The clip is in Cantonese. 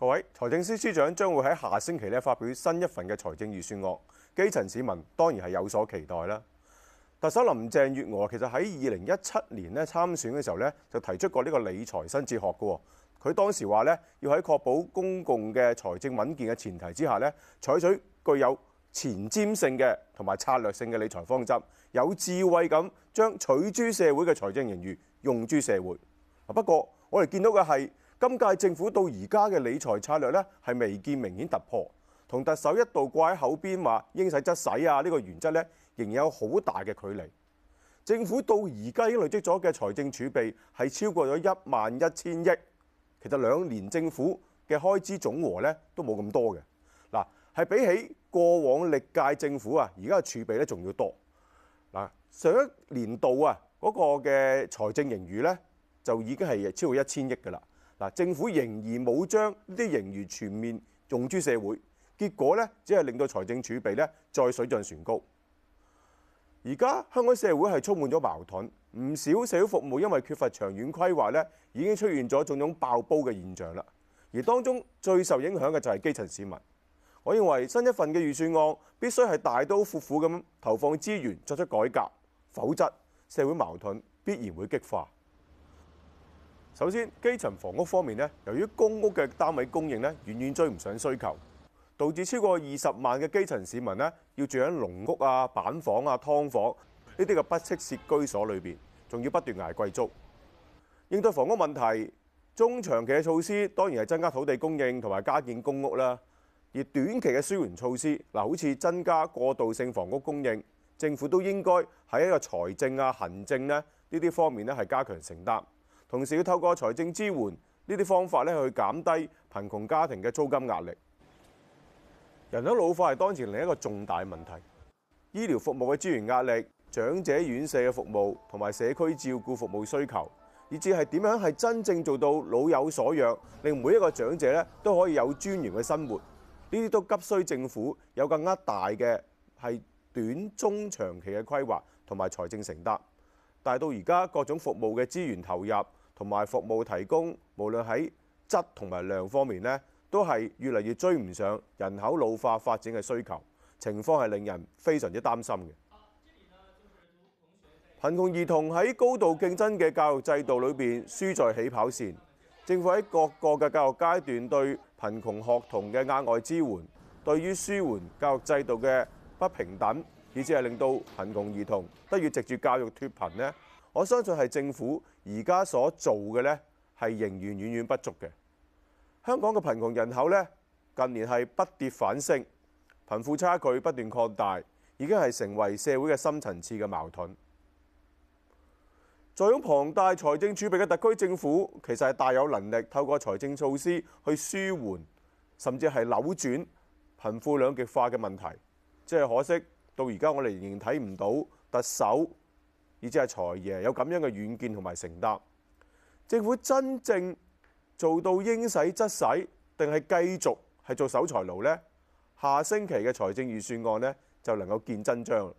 各位，財政司司長將會喺下星期咧發表新一份嘅財政預算案，基層市民當然係有所期待啦。特首林鄭月娥其實喺二零一七年咧參選嘅時候咧，就提出過呢個理財新哲學嘅喎。佢當時話咧，要喺確保公共嘅財政穩健嘅前提之下咧，採取具有前瞻性嘅同埋策略性嘅理財方針，有智慧咁將取諸社會嘅財政盈餘用諸社會。不過，我哋見到嘅係，今屆政府到而家嘅理財策略呢，係未見明顯突破，同特首一度掛喺口邊話應使則使啊，呢個原則呢，仍有好大嘅距離。政府到而家已經累積咗嘅財政儲備係超過咗一萬一千億，其實兩年政府嘅開支總和呢，都冇咁多嘅嗱，係比起過往歷屆政府啊，而家嘅儲備呢，仲要多嗱。上一年度啊，嗰個嘅財政盈餘呢，就已經係超過一千億㗎啦。政府仍然冇將呢啲盈餘全面用諸社會，結果呢，只係令到財政儲備呢再水漲船高。而家香港社會係充滿咗矛盾，唔少社會服務因為缺乏長遠規劃呢已經出現咗種種爆煲嘅現象啦。而當中最受影響嘅就係基層市民。我認為新一份嘅預算案必須係大刀闊斧咁投放資源作出改革，否則社會矛盾必然會激化。首先，基層房屋方面咧，由於公屋嘅單位供應咧，遠遠追唔上需求，導致超過二十萬嘅基層市民要住喺籠屋啊、板房啊、劏房呢啲嘅不適切居所裏面，仲要不斷捱貴租。應對房屋問題，中長期嘅措施當然係增加土地供應同埋加建公屋啦。而短期嘅舒緩措施，嗱，好似增加過渡性房屋供應，政府都應該喺一個財政啊、行政咧呢啲方面咧，係加強承擔。同時要透過財政支援呢啲方法咧，去減低貧窮家庭嘅租金壓力。人口老化係當前另一個重大問題，醫療服務嘅資源壓力、長者院舍嘅服務同埋社區照顧服務需求，以至係點樣係真正做到老有所養，令每一個長者咧都可以有尊嚴嘅生活，呢啲都急需政府有更加大嘅係短中長期嘅規劃同埋財政承擔。但係到而家各種服務嘅資源投入，同埋服務提供，無論喺質同埋量方面呢都係越嚟越追唔上人口老化發展嘅需求，情況係令人非常之擔心嘅。貧窮兒童喺高度競爭嘅教育制度裏面，輸在起跑線。政府喺各個嘅教育階段對貧窮學童嘅額外支援，對於舒緩教育制度嘅不平等，以至係令到貧窮兒童得以藉住教育脫貧呢。我相信係政府而家所做嘅呢，係仍然遠遠不足嘅。香港嘅貧窮人口呢，近年係不跌反升，貧富差距不斷擴大，已經係成為社會嘅深層次嘅矛盾。坐擁龐大財政儲備嘅特區政府，其實係大有能力透過財政措施去舒緩，甚至係扭轉貧富兩極化嘅問題。即係可惜，到而家我哋仍然睇唔到特首。以至係財爺有咁樣嘅遠見同埋承擔，政府真正做到應使則使，定係繼續係做守財奴呢？下星期嘅財政預算案呢，就能夠見真章。